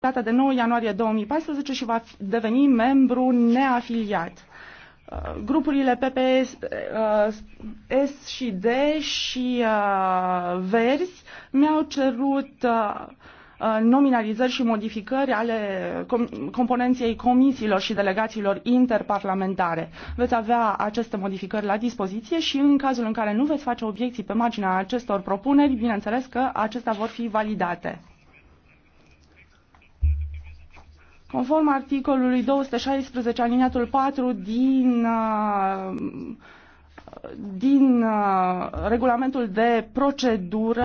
data de 9 ianuarie 2014 și va deveni membru neafiliat. Uh, grupurile PPS, uh, S și D și uh, Verzi mi-au cerut nominalizări și modificări ale componenței comisiilor și delegațiilor interparlamentare. Veți avea aceste modificări la dispoziție și în cazul în care nu veți face obiecții pe marginea acestor propuneri, bineînțeles că acestea vor fi validate. Conform articolului 216 aliniatul 4 din, uh, din uh, regulamentul de procedură,